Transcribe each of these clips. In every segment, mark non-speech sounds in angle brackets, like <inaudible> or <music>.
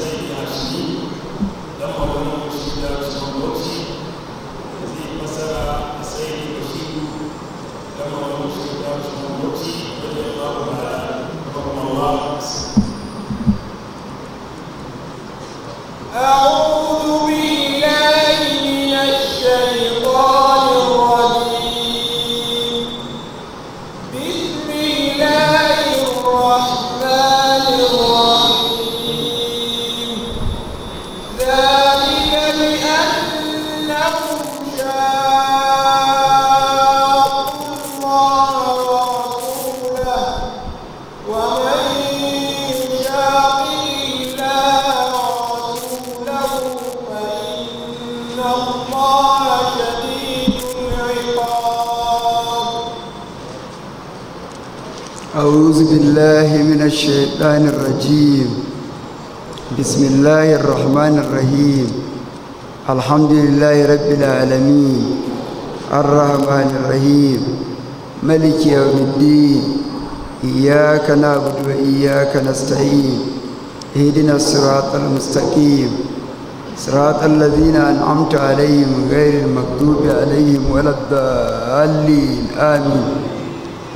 Thank you. الشيطان الرجيم بسم الله الرحمن الرحيم الحمد لله رب العالمين الرحمن الرحيم ملك يوم الدين إياك نعبد وإياك نستعين اهدنا الصراط المستقيم صراط الذين أنعمت عليهم غير المكتوب عليهم ولا الضالين آمين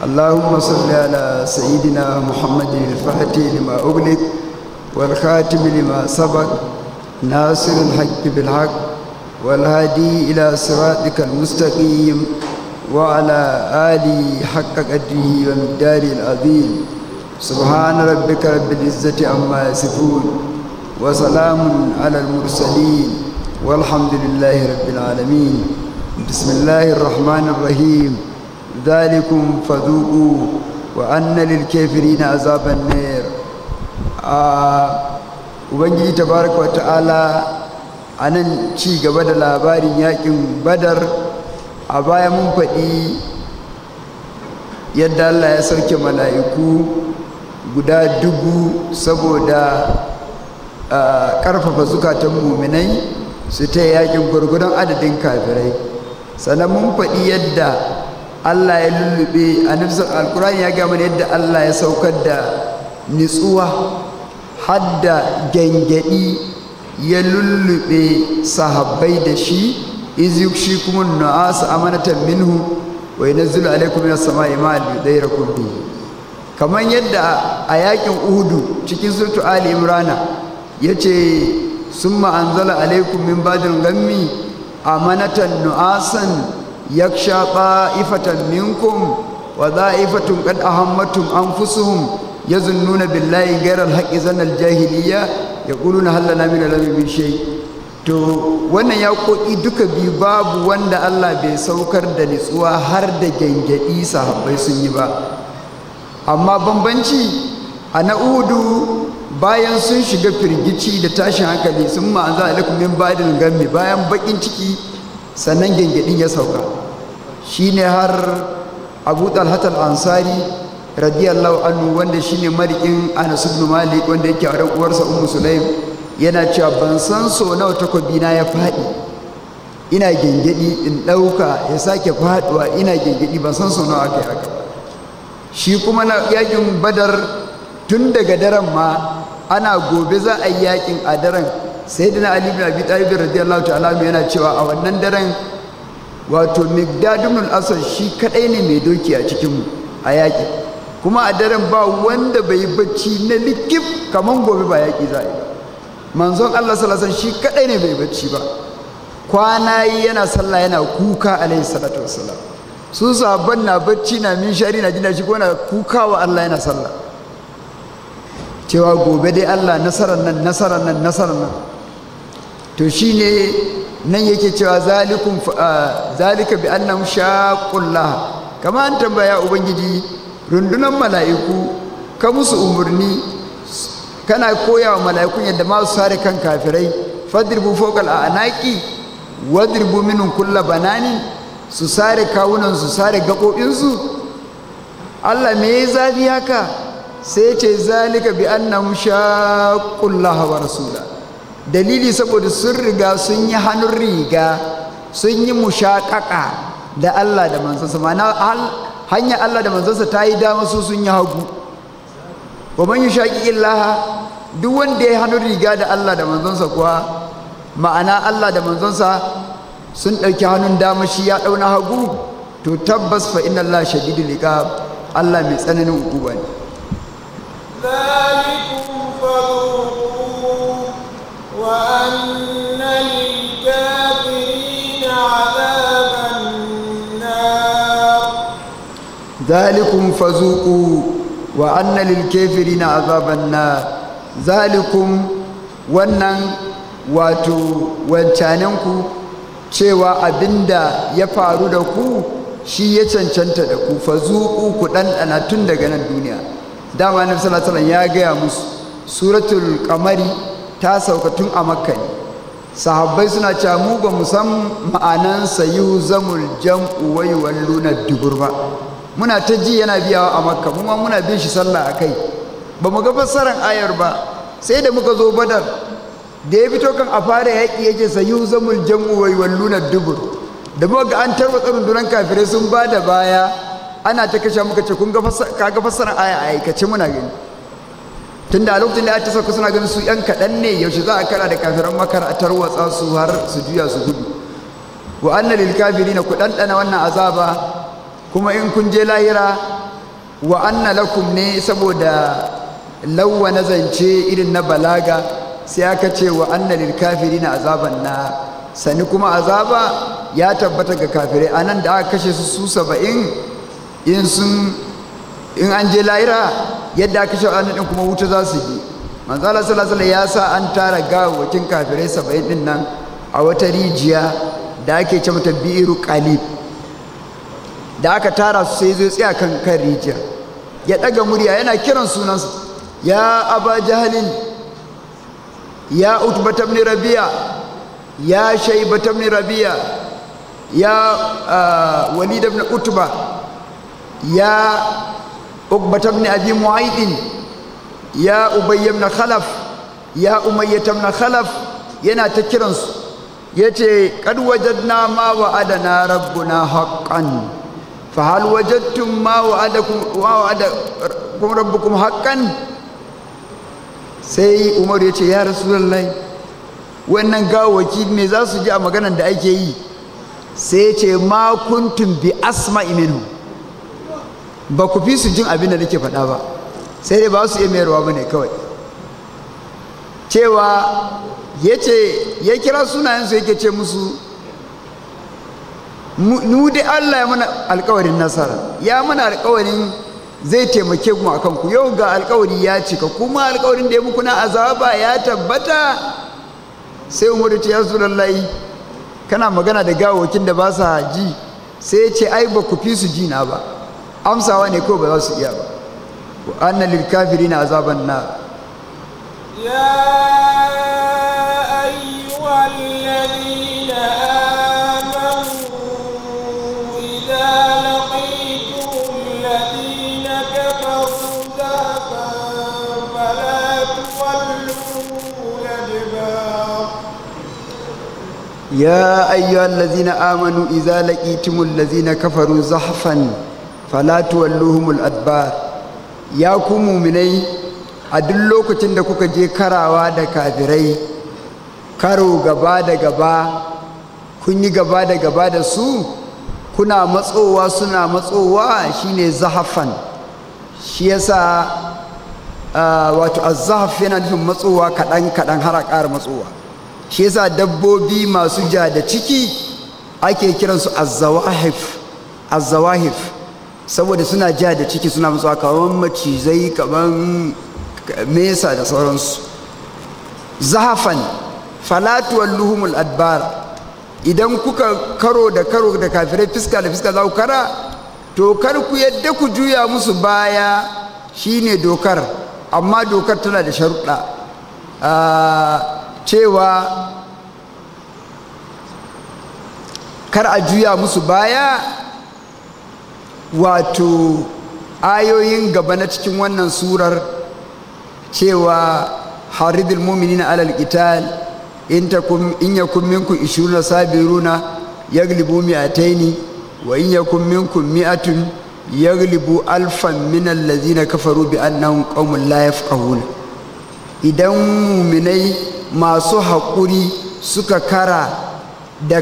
اللهم صل على سيدنا محمد الفاتح لما أغلق والخاتم لما سبق ناصر الحق بالحق والهادي إلى صراطك المستقيم وعلى آله حق قدره ومقداره العظيم سبحان ربك رب العزة عما يصفون وسلام على المرسلين والحمد لله رب العالمين بسم الله الرحمن الرحيم ذلكم فذوقوا وأن للكافرين عذاب النار ubangiji tabaraka wa ta'ala a nan ci gaba da labarin yakin badar a baya mun faɗi yadda allah ya sauke mala'iku guda dubu saboda ƙarfafa zukatan muminai su ta yakin gwargwadon adadin kafirai sannan mun faɗi yadda Allah ya lullube a nufisar alkurani ya gama yadda Allah ya saukar da nitsuwa hadda gengedi ya lullube sahabbai da shi izi shi kuma nu'asa amanatan minhu wa yanzilu alaikum sama kamar yadda a yakin uhudu cikin surtu ali imrana ya ce sun ma'anzala alaikum min badin gammi amanatan nu'asan yaksha ifatan minkum wa za'ifatun qad ahammatum anfusuhum yazunnuna billahi ghayra al-haqqi zanna al-jahiliya yaquluna hal lana min al-amri shay to wannan ya koki duka biyu babu wanda Allah bai saukar da nitsuwa har da gengedi sahabbai sun yi ba amma bambanci a na udu bayan sun shiga firgici da tashin hankali sun ma'anza alaikum min badil gammi bayan bakin ciki sannan gyangyaɗin ya sauka shi ne har abu dalhatar ansari radiyallahu anhu wanda shi ne marikin anas ibn malik wanda yake a uwarsa ummu sulaim yana cewa ban san so nawa takobi na ya faɗi ina gyangyaɗi in ɗauka ya sake faduwa ina gyangyaɗi ban san so nawa aka yi haka shi kuma na yakin badar tun daga daren ma ana gobe za a yi yakin a daren sayyidina ali ibn abi talib radiyallahu ta'ala yana cewa a wannan daren wato migdadun ibn al-asad shi kadai ne mai doki a cikin a yaƙi kuma a daren ba wanda bai bacci na likif kaman gobe ba yaƙi za yi manzon Allah sallallahu alaihi shi kadai ne bai bacci ba kwana yi yana sallah yana kuka alaihi salatu wassalam su sahabban na bacci na min shari na jina shi ko na kukawa Allah yana sallah cewa gobe dai Allah nasarar nan nasarar nan nasarar nan to shi ne nan yake cewa zalika bi annahum shaqullah kama an tambaya ubangiji rundunan mala'iku ka musu umurni kana koya wa mala'ikun yadda ma su sare kan kafirai fadribu fokal a anaki wadribu minun kulla banani, su sare kawunan su sare gaɓoɓinsu allah me ya zafi haka sai ce zalika bi annahum shaqullah wa rasula dalili saboda sun riga sun yi hannun riga sun yi mushaƙaƙa da Allah da manzansa ma'ana hanyar Allah da manzansa ta yi dama su sun yi hagu wa man yushaƙi illaha duk wanda ya hannun riga da Allah da manzansa kuwa ma'ana Allah da manzansa sun ɗauki hannun dama shi ya ɗauna hagu to tabbas fa inna Allah shadidul iqab Allah mai tsananin hukuma ne ذلكم فذوقوا وأن للكافرين عذاب النار ذلكم wannan واتو wancaninku cewa abinda ya faru da ku shi ya cancanta da ku fa zuku ku ɗanɗana tun daga nan duniya dama na sallallahu alaihi ya gaya musu suratul qamari ta sauka tun a makka sahabbai suna cewa mu ba mu san ma'anan sayu zamul jam'u wa yuwalluna dubur ba muna ta ji yana biyawa a makka mu ma muna bin shi sallah akai ba mu ga fassarar ayar ba sai da muka zo badar da ya fito kan a fara yaƙi yake sayu zamul jam'u wa yuwalluna dubur da muka ga an tarwatsa rundunar kafirai sun ba da baya ana ta kashe muka ce kun ga fassarar aya a aikace muna gani tun da lokacin da ya ta sauka suna ganin su yan kaɗan ne yaushe za a kara da kafiran makar a tarwatsa su har su juya su gudu wa anna lil kafirin ku ɗanɗana wannan azaba kuma in kun je lahira wa anna lakum ne saboda lawa na zance irin na balaga sai aka ce wa anna lil kafirin azaban na sani kuma azaba ya tabbata ga kafirai anan da aka kashe su su saba'in in sun in an je lahira yadda aka shi ranar din kuma wuta za su yi manzala salasala ya sa an tara gawawakin kafirai saba'in ɗin nan a wata rijiya da ake ce mata bi'iru kalib da aka tara su sai zai tsaya kan kan rijiya ya ɗaga murya yana kiran sunansa. ya aba jahalin ya utbata ibn rabi'a ya shaibata ibn rabi'a ya ah, walid ibn utba ya ugba ta bin abi mu'aidin ya ubayy khalaf yana ta kiran su yace kad wajadna ma wa'adana rabbuna haqqan fa hal wajadtum ma wa'adakum wa wa'ada kum rabbukum sai umar yace ya rasulullahi wannan gawaki ne zasu su ji a maganar da ake yi sai ya ce ma kuntum bi asma'i minhu ba ku fi su jin abin da nake faɗa ba sai dai ba su iya mayarwa ba ne kawai cewa ya ce ya kira sunayensu yake ce musu nu dai allah ya mana alkawarin nasara ya mana alkawarin zai taimake mu akan ku yau ga alkawari ya cika kuma alkawarin da ya muku na azaba ya tabbata sai umaru ta yasu lallai kana magana da gawokin da ba sa ji sai ce ai ba ku fi su jina ba amsawa ne ko ba za su iya ba wa anna lil kafirina azaban nar ya ayyuhal ladina amanu idza laqitum ladina kafaru zafan fala tuwallu adbar ya ayyuhal ladina amanu idza laqitum ladina kafaru zahfan falatu walluhumul adbar ya ku muminai a duk lokacin da kuka je karawa da kafirai karo gaba da gaba kun yi gaba da gaba da su kuna matsowa suna matsowa shine zahafan shi yasa wato azahaf yana nufin matsowa kaɗan kaɗan har a ƙara matsowa shi yasa dabbobi masu ja da ciki ake kiransu azawahif azawahif saboda suna ja da ciki suna matsuwa kamar macizai kamar mesa da sauransu zahafan falatuwar luhumul adbar idan kuka karo da karo da kafirai fiska da fiska za ku kara to kar ku yadda ku juya musu baya shine dokar amma dokar tana da sharuɗa ah, cewa kar a juya musu baya wato ayoyin gaba na cikin wannan surar cewa haridul na alal qital in takum in yakum minkum 20 sabiruna yaglibu mi'ataini wa in yakum minkum mi'atun yaglibu alfan min allazina kafaru bi annahum qaumun la yafqahuna idan mu'minai masu haƙuri suka kara da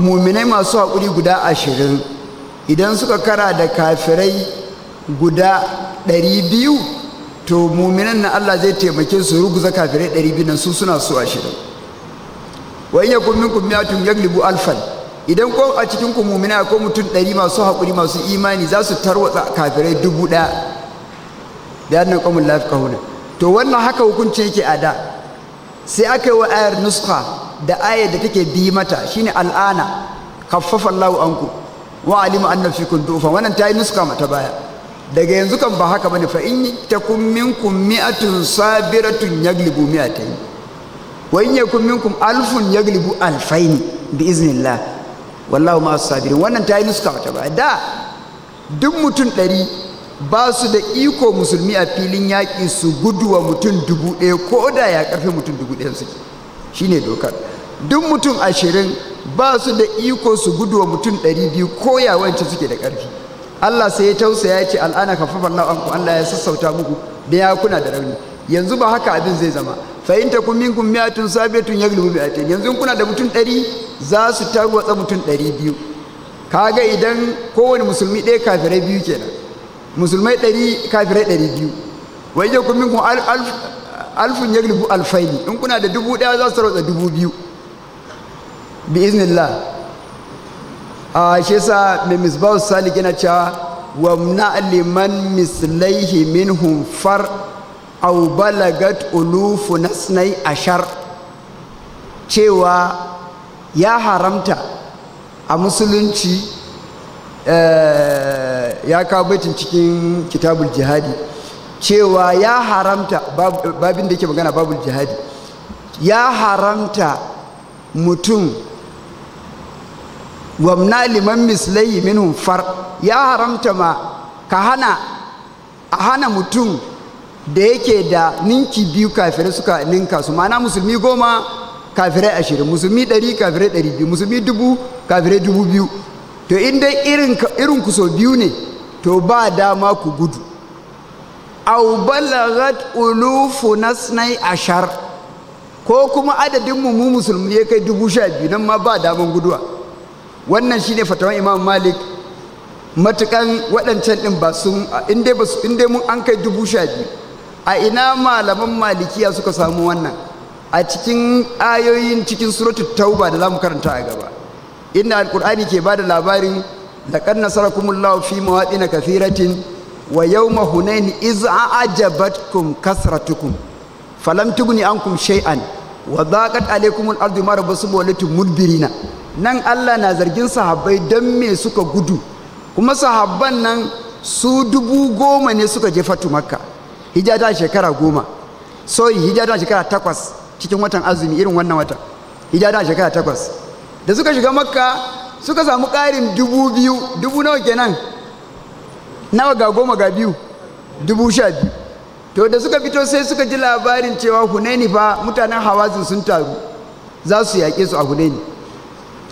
mu'minai masu haƙuri guda ashirin idan suka kara da kafirai guda ɗari biyu to muminan na Allah zai taimake su ruguza kafirai ɗari biyu nan su suna so ashirin wa kun yakun tun yan libu alfan idan ko a cikin ku mumina ko mutum ɗari masu haƙuri masu imani za su tarwatsa kafirai dubu ɗaya da annan qawmun la kahuna to wannan haka hukunci yake a da sai aka yi wa ayar nuska da ayar da take bi mata shine al'ana kaffafan lau'anku. wa alima anna kun dufa wannan ta yi nuska mata baya daga yanzu kan ba haka bane fa in takum minkum mi'atun sabiratun yaglibu mi'atayn wa in yakum minkum alfun yaglibu alfayn bi iznillah wallahu ma sabirin wannan ta yi nuska mata baya da duk mutum ɗari ba su da iko musulmi a filin yaƙi su guduwa mutum dubu ɗaya ko da ya ƙarfi mutum dubu ɗaya suke shine dokar duk mutum ashirin ba su da iko su gudu wa mutum ɗari biyu ko yawanci suke da ƙarfi Allah sai ya tausa ya ce al'ana kafafa Allah anku Allah ya sassauta muku da ya kuna da rauni yanzu ba haka abin zai zama fa in takum minkum mi'atun sabitun yaghlibu mi'atin yanzu kuna da mutum ɗari za su watsa mutum ɗari biyu kaga idan kowane musulmi ɗaya kafirai biyu kenan musulmai ɗari kafirai ɗari biyu wai kun minkum alfun yaghlibu alfaini in kuna da dubu ɗaya za su watsa dubu biyu bi a shi sa mai misbahu salik yana cewa wa na liman mislaihi min humfar au balagat ulufu nasnai ashar cewa ya haramta a musulunci eh, ya kawo baitin cikin kitabul jihadi cewa ya haramta babin da yake magana babul jihadi ya haramta mutum wamna liman mislayi minhum far ya haramta ma ka hana a hana mutum da yake da ninki biyu kafirai suka ninka su ma'ana musulmi goma kafirai ashirin musulmi ɗari kafirai ɗari biyu musulmi dubu kafirai dubu biyu to in dai irin ku so biyu ne to ba dama ku gudu au balagat ulufu nasnai ashar ko kuma adadin mu mu musulmi ya kai dubu sha biyu nan ma ba daman guduwa wannan shi ne fatawan imam malik matukan waɗancan ɗin ba su inda inda mun an kai dubu sha biyu a ina malaman malikiya suka samu wannan a cikin ayoyin cikin suratun tauba da zamu karanta a gaba inda alkur'ani ke da labarin da kan laufi mawaɗi na kafiratin wa yawma kun iz tukun kasratukum falam an kun shay'an wa dhaqat alaykumul ardu ma rabbasum walatum mudbirina nan Allah na zargin sahabbai don me suka gudu kuma sahabban nan su dubu goma ne suka je fatu makka hijja ta shekara goma soyi hijja ta shekara takwas cikin watan azumi irin wannan watan hijja ta shekara takwas da suka shiga makka suka samu ƙarin dubu biyu dubu nawa kenan nawa ga goma ga biyu dubu sha biyu to da suka fito sai suka ji labarin cewa hunaini fa mutanen hawazin sun taru za su yaƙe su a hunaini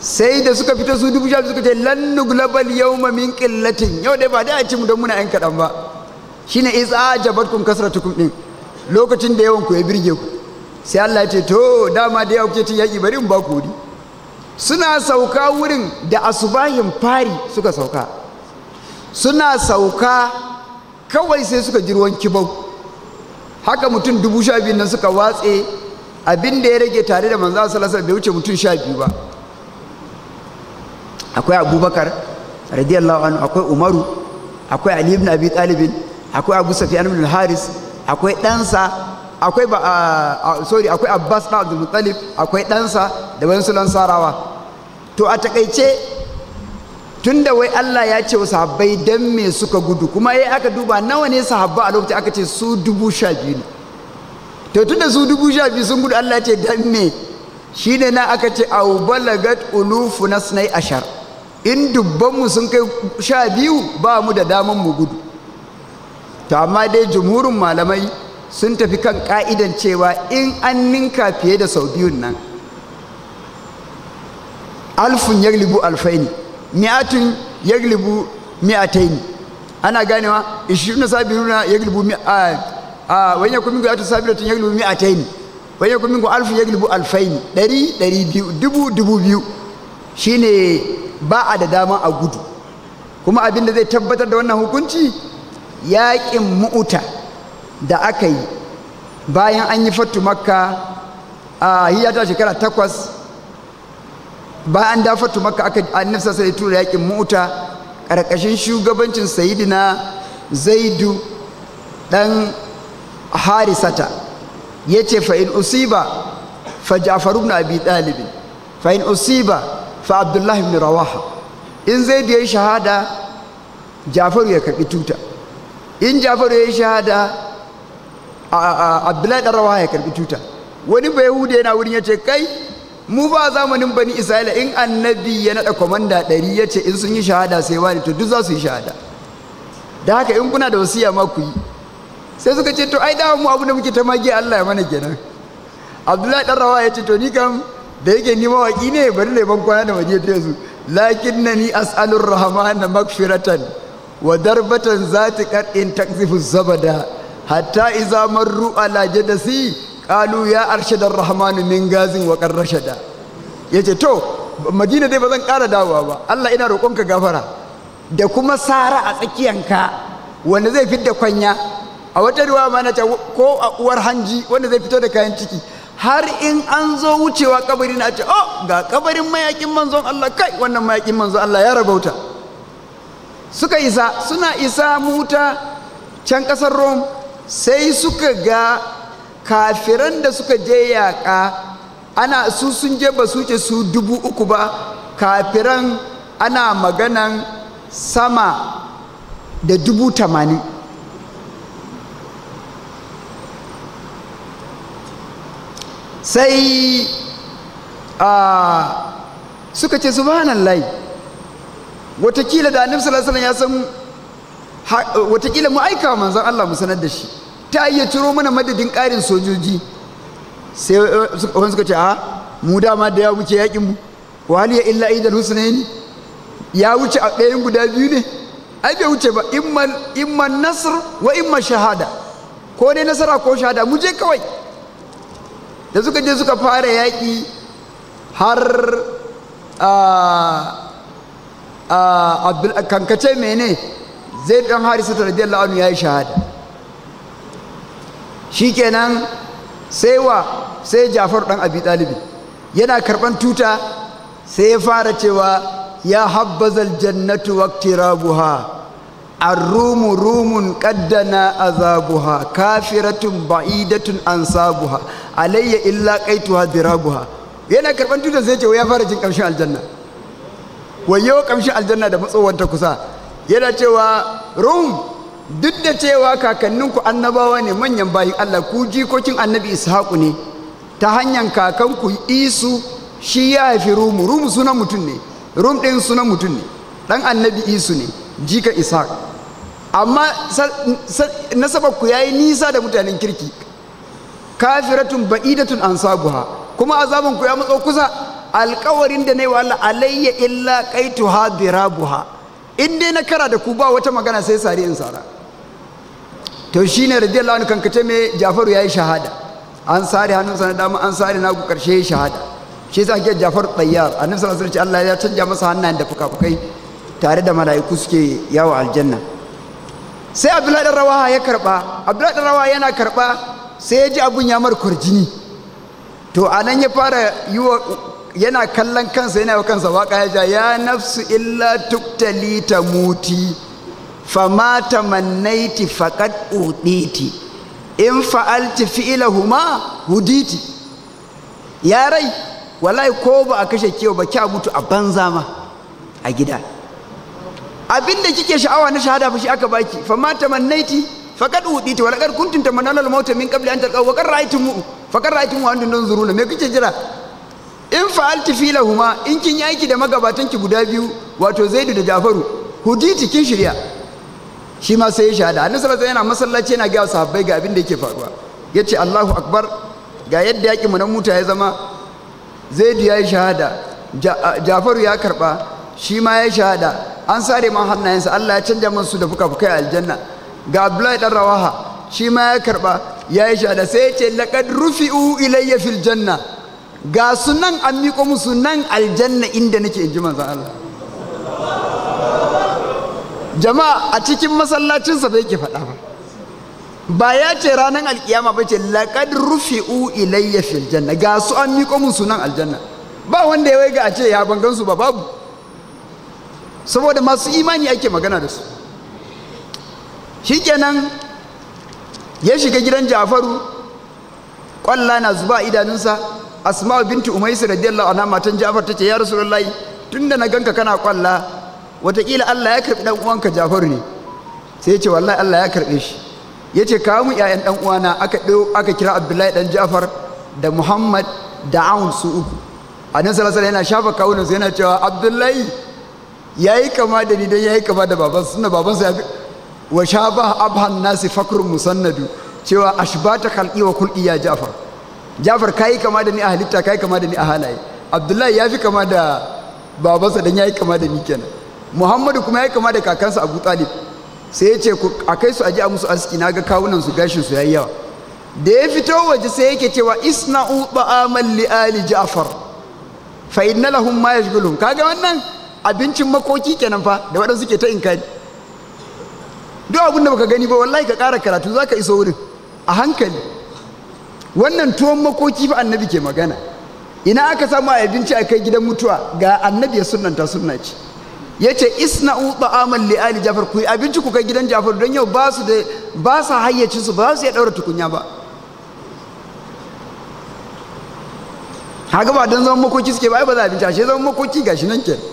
sai da suka fita su dubu shafi suka ce lan nuglabal yawma min qillatin yau dai ba da a ci mu don muna yan kaɗan ba shi shine isa kasar tukun ɗin lokacin da yawan ku ya birge ku sai Allah ya ce to dama da yau kuke cin yaki bari in ba ku wuri suna sauka wurin da asubahin fari suka sauka suna sauka kawai sai suka ji ruwan kibau haka mutum dubu sha biyu nan suka watse abin da ya rage tare da manzo sallallahu alaihi bai wuce mutum sha biyu ba akwai abubakar radiyallahu anhu akwai umaru akwai ali ibn abi talibin akwai abu safiyan ibn haris akwai ɗansa akwai ba sorry akwai abbas na abdul muttalib akwai ɗansa da wani sulan sarawa to a takaice tunda wai Allah ya ce wa sahabbai dan me suka gudu kuma yayi eh, aka duba nawa ne sahabba a lokacin aka ce su dubu sha biyu ne to tunda su dubu sha biyu sun gudu Allah ya ce dan me shine na aka ce au balagat ulufu nasnai ashar in dubbanmu sun kai sha biyu ba mu da daman mu gudu to amma dai jumhurin malamai sun tafi kan ka'idan cewa in an ninka fiye da sau biyun nan alfun yaglibu alfaini mi'atun yaglibu mi'ataini ana ganewa ishiruna sabiruna yaglibu mi'a a wanya kuma ga ta sabiratun yaglibu mi'ataini wanya kuma ga alfun yaglibu alfaini dari dari biyu dubu dubu biyu shine ba a da dama a gudu kuma abin da zai tabbatar da wannan hukunci yaƙin mu'uta da aka yi bayan an yi fattu makka a hiyata shekara takwas bayan da fattu makka aka annabi sai ya tura yaƙin mu'uta ƙarƙashin shugabancin sayidina zaidu ɗan harisata ya ce fa'in usiba fa ja'faru na abi ɗalibin fa'in usiba fa abdullahi ibn rawaha in zai ya shahada jafaru ya karɓi tuta in jafaru ya shahada abdullahi ibn rawaha ya karɓi tuta wani bai hude yana wurin ya ce kai mu ba zamanin bani isra'ila in annabi ya naɗa kwamandan ɗari yace in sun yi shahada sai wani to duk za su yi shahada da haka in kuna da wasiya ma ku yi sai suka ce to ai da mu abu da muke ta magi Allah ya mana kenan Abdullahi dan Rawa ya ce to ni kam da yake ni mawaki ne bari ne ban kwana da waje ta su lakin na ni as'alur rahmana magfiratan wa darbatan zati qad'in takzifu zabada hatta iza marru ala jadasi qalu ya arshadar rahman min gazin wa qarrashada yace to madina dai ba zan ƙara dawowa ba Allah ina roƙonka gafara da kuma sara a tsakiyanka wanda zai fidda kwanya a wata ruwa ma na ko a uwar hanji wanda zai fito da kayan ciki har in an zo wucewa kabari na ce oh ga kabarin mayakin manzon Allah kai wannan mayakin manzon Allah ya rabauta suka isa suna isa muta can kasar Rome sai suka ga kafiran da suka je yaƙa ana su sun je ba su ce su dubu uku ba kafiran ana maganan sama da dubu tamanin sai a suka ce lai, watakila da annabi sallallahu alaihi ya san watakila mu aika manzon Allah mu sanar da shi ta iya ciro mana madadin ƙarin sojoji sai eh, wani suka ce a mu dama da ya wuce yakin mu hali ya illa idan husnaini ya wuce a ɗayan guda biyu ne ai bai wuce ba imma imma nasr wa imma shahada ko dai nasara ko shahada mu je kawai da suka je suka fara yaƙi har kankace mene zai ɗan harisa ta radiyallahu anhu ya yi shahada Shi sai wa sai jafar ɗan abi ɗalibi yana karɓan tuta sai ya fara cewa ya habbazal jannatu ha الروم روم قدنا أذابها كافرة بعيدة أنصابها علي إلا قيتها ذرابها yana karban tuta sai ce ya fara jin kamshin aljanna yau kamshin aljanna da matsowar ta kusa yana cewa rum duk da cewa kakanninku annabawa ne manyan bayin Allah ku jikokin annabi ishaku ne ta hanyar kakanku isu shi ya haifi rumu rum sunan mutum ne rum din sunan mutum ne dan annabi isu ne jika ishaq amma nasaba ku yayi nisa da mutanen kirki kafiratun ba'idatun saguha kuma azaban ku ya matso kusa alkawarin da nayi wa Allah alayya illa qaituha dirabuha in dai na kara da ku ba wata magana sai sare in sara to shine radiyallahu anhu kankace me Jafaru yayi shahada an sare hannunsa na dama an sare ku karshe shahada shi yasa ake Jafaru tayyar annabi sallallahu alaihi wasallam Allah ya canja masa hannayen da fuka-fukai tare da mala'iku suke yawo aljanna sai abdullahi dan rawaha ya karba abdullahi dan rawaha yana karba sai ya ji abun ya mar jini, to anan ya fara yiwa yana kallon kansa yana wa kansa waka ya ja ya nafsu illa tuktali ta muti fama tamannaiti faqad uditi in fa'alti huma huditi ya rai wallahi ko ba a kashe kewa ba kya mutu a banza ma a gida abinda kike sha'awa na shahada fa shi aka baki fa ma tamannaiti kad udita wa kad kuntum tamannawna maut min qabli an talqaw wa qad ra'aytum faqad ra'aytum wa antum tanzuruna me kike jira in fa'alti lahumma in kin yi aiki da magabatan ki guda biyu wato Zaidu da Jafaru huditi kin shirya shi ma sai ya shahada annabi sallallahu alaihi wasallam yana masallaci yana ga sahabbai ga abin da yake faruwa yace Allahu akbar ga yadda yaƙi mu na muta ya zama Zaidu ya yi shahada Jafaru ya karba shi ma ya shahada an sare man hannayensa Allah ya canja man su da fuka-fukai a aljanna ga Abdullahi dan Rawaha shi ma ya karba ya yi shahada sai ya ce laqad rufi'u ilayya fil janna ga su nan an miƙo musu nan aljanna inda nake inji manzon Allah jama'a a cikin masallacinsa bai ke faɗa ba ba ya ce ranar alkiyama ba ce laqad rufi'u ilayya fil janna ga su an miƙo musu nan aljanna ba wanda ya waiga a ce ya bangan su ba babu saboda masu imani ake magana da su kenan ya shiga gidan jafaru kwalla na zuba a idanunsa asma'u binti umaisu radiyallahu anha matan jafar tace ya rasu rasulullahi tunda na ganka kana kwalla wataƙila Allah ya karɓi dan uwanka jafaru ne sai ce wallahi Allah ya karɓe shi ya ce kawo mu 'ya'yan dan uwana aka aka kira abdullahi dan jafar da muhammad da aun uku a nan sallallahu yana shafa kawunan yana cewa abdullahi ya yi kama da ni don ya yi kama da babansa suna babansa ya fi wa shaba abhan nasi fakrun musannadu cewa ashbata khalqi wa kulli ya jafar jafar kai kama da ni a halitta kai kama da ni a halaye abdullahi ya fi kama da babansa dan ya yi kama da ni kenan muhammadu kuma ya yi kama da kakansa abu talib sai ya ce a kai su aji a musu aski na ga kawunan su gashin su yayi yawa da ya fito waje sai yake cewa isna'u ta'aman li ali ja'far fa inna lahum ma yashghulun kaga wannan abincin makoki kenan fa da waɗansu ke ta inkari duk abin da baka gani ba wallahi ka ƙara karatu za ka iso wurin a hankali wannan tuwon makoki fa annabi ke magana ina aka samu a abinci a kai gidan mutuwa ga annabi ya sunanta sunna ce ya ce isna'u ta'aman li ali jafar ku abinci ku kai gidan jafar don yau ba su da ba su hayyaci su ba su iya ɗaura tukunya ba haka ba don zaman makoki suke ba ai ba za abinci ashe zaman makoki gashi nan kenan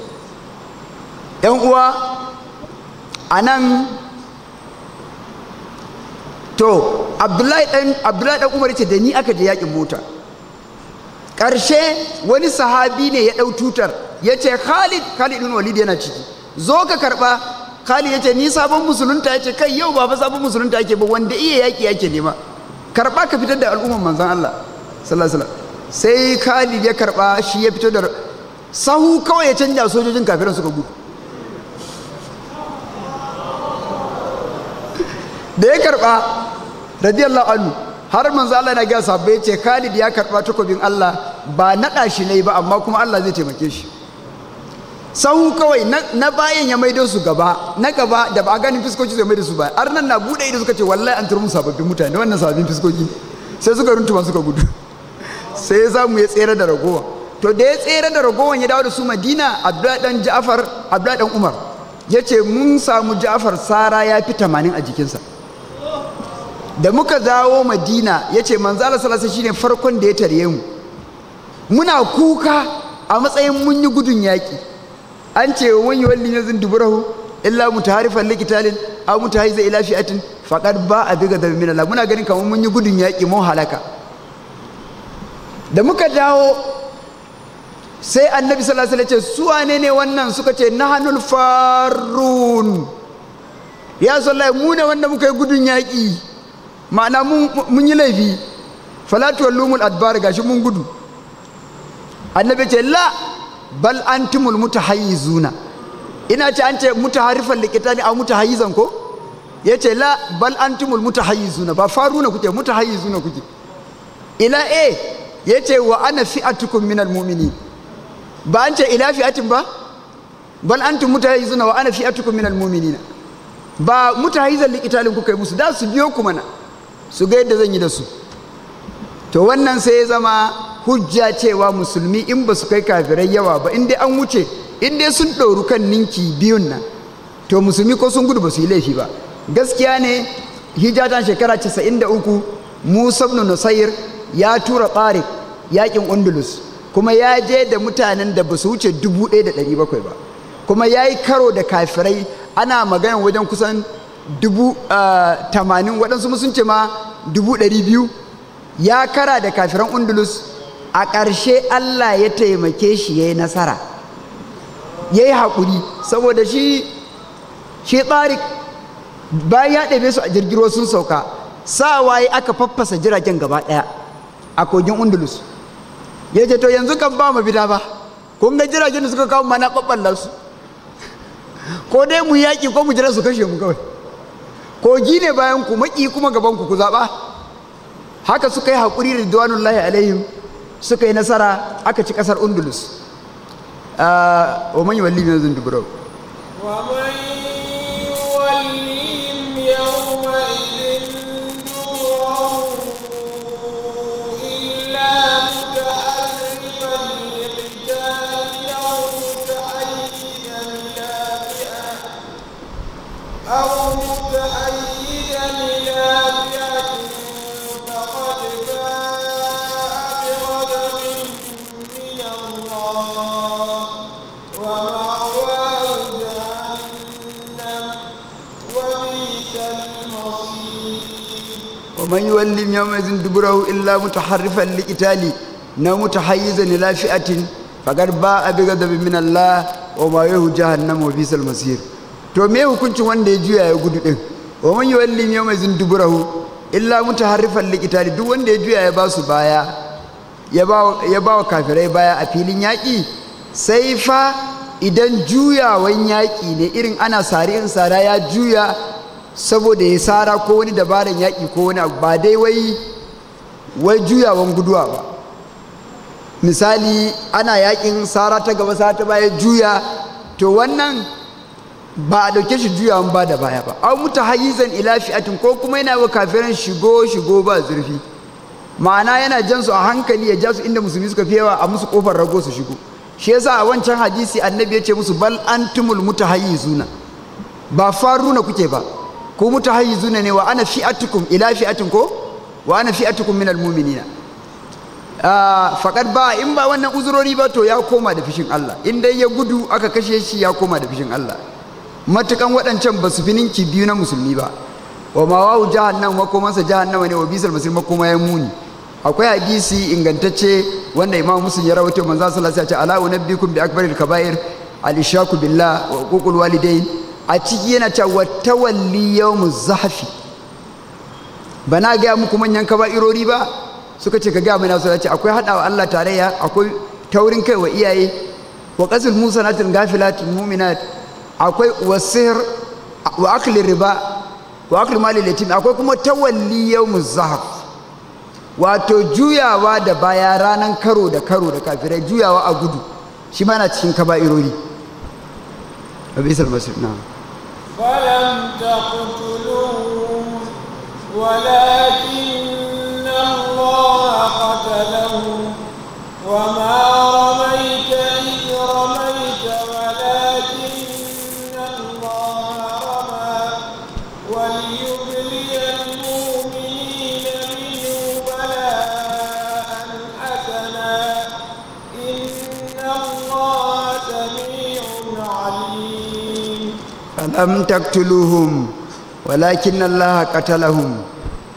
yan uwa a nan to abdullahi ɗan umar ce da ni aka je yaƙin mota ƙarshe wani sahabi ne ya ɗau tutar ya ce khalid khalid ɗin walid yana ciki zo ka karɓa khalid ya ce ni sabon musulunta ya ce kai yau ba fa sabon musulunta ake ba wanda iya yaƙi yake nema karɓa ka fitar da al'umman manzan allah sai khalid ya karɓa shi ya fitar da sahu kawai ya canja sojojin kafiran suka gudu da ya karba radiyallahu anhu har manzo Allah yana gaya sahabbai ce Khalid ya karba takobin Allah ba naɗa shi ne ba amma kuma Allah zai taimake shi sahu kawai na bayan ya maido su gaba na gaba da ba a ganin fiskoki zai maido su ba har nan na bude ido suka ce wallahi an turmu sababbin mutane wannan sababbin fiskoki sai suka runtuma suka gudu <laughs> sai za mu ya tsere da ragowa to da ya tsere da ragowan ya dawo da su madina abdullahi dan ja'far abdullahi dan umar ya ce mun samu ja'far sara ya fi tamanin a jikinsa da muka zawo madina ya ce manzala salasa shi ne farkon da ya tarye mu muna kuka a matsayin mun yi gudun yaƙi an ce wa wani wallin yanzu duburahu illa mutaharifan likitalin aw mutahiza ila fi'atin faqad ba a biga da min Allah muna ganin kamar mun yi gudun yaƙi mun halaka da muka dawo sai annabi sallallahu alaihi wasallam ya ce su wane ne wannan suka ce nahanul farun ya sallallahu mu ne wanda muka yi gudun yaƙi ma'ana mun yi laifi falatuwar lumul adbar gashi mun gudu annabi ce la bal an antumul zuna. ina ce an ce mutaharifan likita ne a mutahayyizan ko ya ce la bal an antumul zuna. ba faru na kuke zuna kuke ila e ya ce wa ana fi'atukum minal mu'mini ba an ce ila fi'atin ba bal an antum zuna wa ana fi'atukum minal na? ba mutahayyizan likitalin kuka yi musu da su biyo kuma na? su ga yadda zan yi da su to wannan sai ya zama hujja cewa musulmi in ba su kai kafirai yawa ba in an wuce in dai sun ɗoru kan ninki biyun nan to musulmi ko sun gudu ba su yi laifi ba gaskiya ne hijjatan shekara 93 musa ibn nusair ya tura tsarik yakin undulus kuma ya je da mutanen da ba su wuce 1700 ba kuma ya yi karo da kafirai ana magana wajen kusan dubu ah, tamanin waɗansu sun ma dubu ɗari biyu ya kara da kafiran undulus a ƙarshe allah ya taimake shi ya yi nasara ya yi haƙuri saboda shi shi tsarik bayan ya ɗabe su a jirgin sun sauka sa waye aka faffasa jiragen gaba ɗaya a kogin undulus ya ce to yanzu kan ba mu bida ba kun ga jiragen da suka kawo mana ɓaɓɓallar su ko dai mu yaƙi ko mu jira su kashe mu kawai kogi ne bayan ku maki kuma gaban ku ku zaɓa haka suka yi hakuri da duwanullahi alaihim suka yi nasara aka ci kasar undulus ah, wa man yuwalli min zundubrau wa ومن يولم يومئذ دبره الا متحرفا لقتال أو متحيزا إلى فقد باء بغضب من الله وما يهو جهنم وبئس المصير to me hukuncin wanda ya juya ya gudu din wa man yuwallim yawmazin duburahu illa mutaharrifan liqitali duk wanda ya juya ya basu baya ya kafirai baya a filin yaki sai fa idan juyawan yaƙi ne irin ana sari in sara ya juya saboda ya sara ko wani dabaran yaƙi ko wani abu ba dai wai wai juyawan guduwa ba misali ana yaƙin sara ta gaba sara ta baya juya to wannan ba a ɗauke shi juyawan ba da baya ba an mutu hayizan ila fi'atin ko kuma yana wa kafiran shigo shigo ba zurfi ma'ana yana jan su a hankali ya ja su inda musulmi suka fi yawa a musu kofar rago su shigo shi yasa a wancan hadisi annabi ya ce musu bal antumul mutahayyizuna ba faruna kuke ba ku mutahayyizuna ne wa ana fi'atukum ila fi'atin ko wa ana fi'atukum almu'minina ah faqad ba in ba wannan uzurori ba to ya koma da fishin Allah in dai ya gudu aka kashe shi ya koma da fishin Allah matukan waɗancan ba su fi biyu na musulmi ba wa wa kuma sa jahannama ne wa bisal musulmi kuma ya muni akwai hadisi ingantacce wanda imamu muslim ya rawaito manzo sallallahu alaihi wasallam ya ce ala unabbikum bi akbaril kaba'ir al-ishaku billah wa uqul walidain a ciki yana cewa tawalli yawmu zahafi ba na gaya muku manyan kaba'irori ba suka ce ka gaya mana su ce akwai haɗawa Allah tarayya akwai taurin kai wa iyaye wa qasul musanatin gafilatin mu'minat akwai wasir wa akli riba wa akli mali yatim akwai kuma tawalli yawmu zahaf wato juyawa da baya ranan karo da karo da kafirai juyawa a gudu shi ma na cikin kaba'irori abisal masir na'am فلم تقتلوهم ولكن الله قتلهم وما رأى أم تقتلوهم ولكن الله قتلهم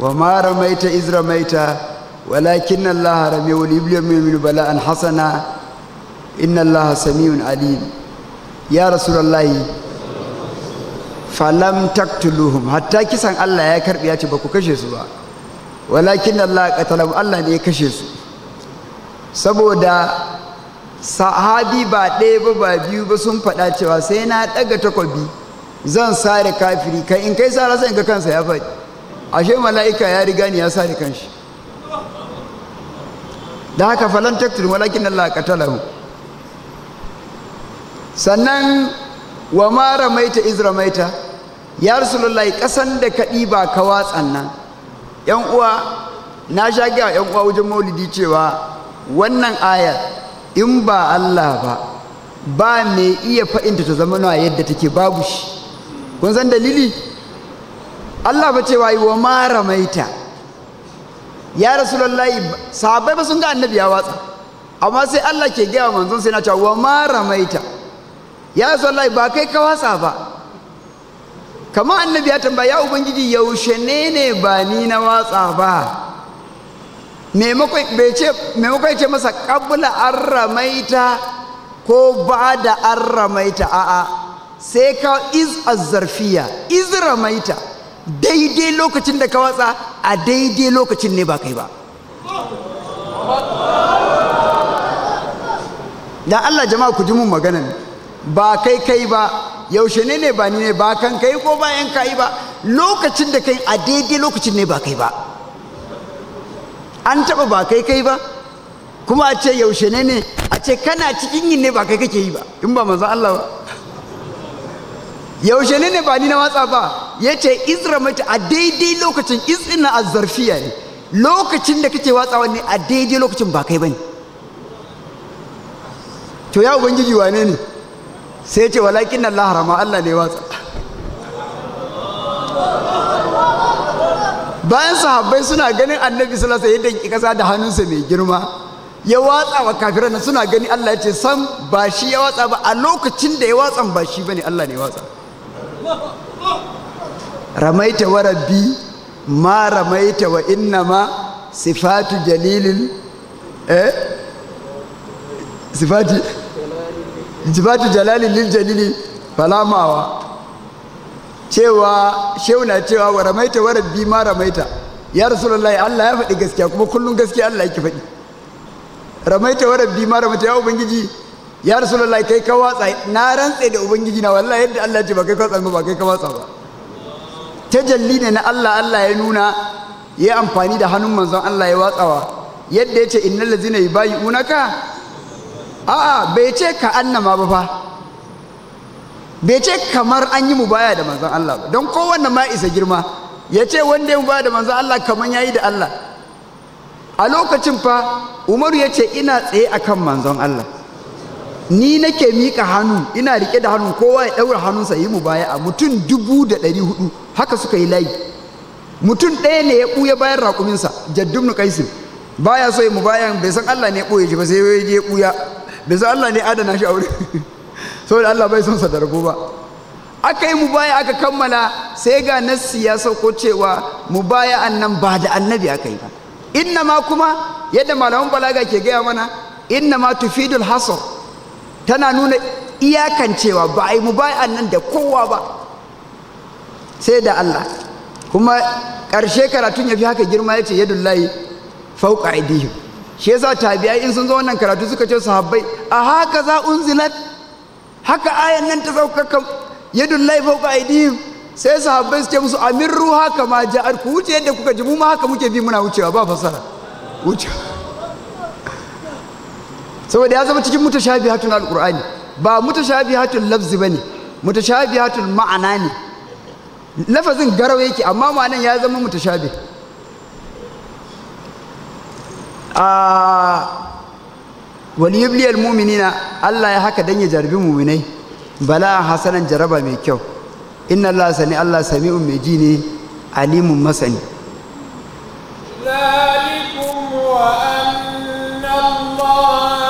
وما رميت إذ رميت ولكن الله رمي بلاء حسنا إن الله سميع عليم يا رسول الله hatta kisan Allah ya karbi ya ce ba ku kashe su ba walakin ya saboda sahabi ba ɗaya ba ba biyu ba sun faɗa cewa sai na ɗaga takobi zan sare kafiri kai in kai sara sai ga kansa ya faɗi ashe mala'ika ya riga ni ya sare kanshi da haka Falon taktul walakin Allah qatalahu sannan wa ma ramaita iz ramaita ya rasulullahi kasan da ka ba ka watsan nan yan uwa na sha ga yan uwa wajen maulidi cewa wannan ayar in ba Allah ba ba mai iya fa'inta ta zama yadda take babu shi kun san dalili Allah ba ce wayi wa mara maita. ya rasulullahi sahabbai ba sun ga annabi ya watsa amma sai Allah ke gaya manzon sai na ce wa mara maita. ya rasulullahi ba kai ka watsa ba kamar annabi ya tambaya ya ubangiji yaushe ne ne ba ni na watsa ba maimakon ya ce masa kabla an ramaita ko ba da an ramaita a'a sai ka iz zarfiya iz ramaita daidai lokacin da ka watsa a daidai lokacin ne ba kai ba da Allah jama'a ku ji mun maganan ba kai kai ba yaushe ne ne ba ni ne ba kan kai ko ba yan kai ba lokacin da kai a daidai lokacin ne ba kai ba an taba ba kai kai ba kuma a ce yaushe ne ne a ce kana cikin yin ne ba kai kake yi ba in ba manzo Allah ba yaushe ne ba ni na watsa ba ya ce Isra izramata a daidai lokacin isina a zarfiya ne lokacin da kake watsawa ne a daidai lokacin ba kai ba ne to ya ubangiji wane ne sai ce walakin Allah harama Allah ne watsa bayan sahabbai suna ganin annabi sallallahu alaihi wasallam yadda kasa da hannunsa mai girma ya watsa wa na suna gani Allah ya ce sam ba shi ya watsa ba a lokacin da ya watsan ba shi bane Allah ne ya watsa ramaita wa rabbi ma ramaita wa innama sifatu jalilin eh sifati sifatu jalalin lil jalili falamawa cewa shehu na cewa wa ramaita wa rabbi ma ramaita ya rasulullahi Allah ya faɗi gaskiya kuma kullum gaskiya Allah yake faɗi ramaita wa rabbi ma ramaita ya ubangiji ya rasulullahi kai ka watsa na rantse da ubangiji na wallahi yadda Allah ce ba kai ka watsa ba kai ka watsa ba tajalli ne na Allah Allah ya nuna ya amfani da hannun manzon Allah ya watsawa yadda ya ce innal ladzina yubayyi'unaka a'a bai ce ka annama ba fa bai ce kamar an yi mubaya da manzon Allah ba don kowanne ma isa girma ya ce wanda ya mubaya da manzon Allah kamar yayi da Allah a lokacin fa Umaru ya ce ina tsaye akan manzon Allah ni nake mika hannu ina rike da hannu kowa ya daura hannunsa yi mu baya a mutum dubu da ɗari hudu haka suka yi layi mutum ɗaya ne ya ɓuya bayan raƙuminsa na kaisin baya so yi mu bayan bai san Allah ne ya ɓoye shi ba sai ya je ɓuya bai san Allah ne adana shi a so <laughs> saboda Allah bai son sa da rago ba aka yi mu baya aka kammala sai ga nassi ya sauko cewa mu an nan ba da annabi aka yi ba inna ma kuma yadda malaman balaga ke gaya mana inna ma tufidul hasar tana nuna iyakancewa ba a yi mubayi'an nan da kowa ba sai da Allah kuma ƙarshe karatun ya fi haka girma ya ce layi fauka idihu shi yasa tabiya in sun zo wannan karatu suka ce sahabbai a haka za unzilat haka ayan nan ta saukaka layi fauka idihu sai sahabbai su ce musu amin haka ma ja'ar ku wuce yadda kuka ji mu ma haka muke bi muna wucewa ba fasara wucewa saboda ya zama cikin mutashabihatul alqur'ani ba mutashabihatul lafzi bane mutashabihatul ma'ana ne lafazin garau yake amma ma'anan ya zama mutashabih a ah, waliyubliyar muminina Allah ya haka dan ya jarbi muminai bala hasanan jaraba mai kyau inna Allah sani Allah sami'un mai ji ne alimun masani ذلكم وأن الله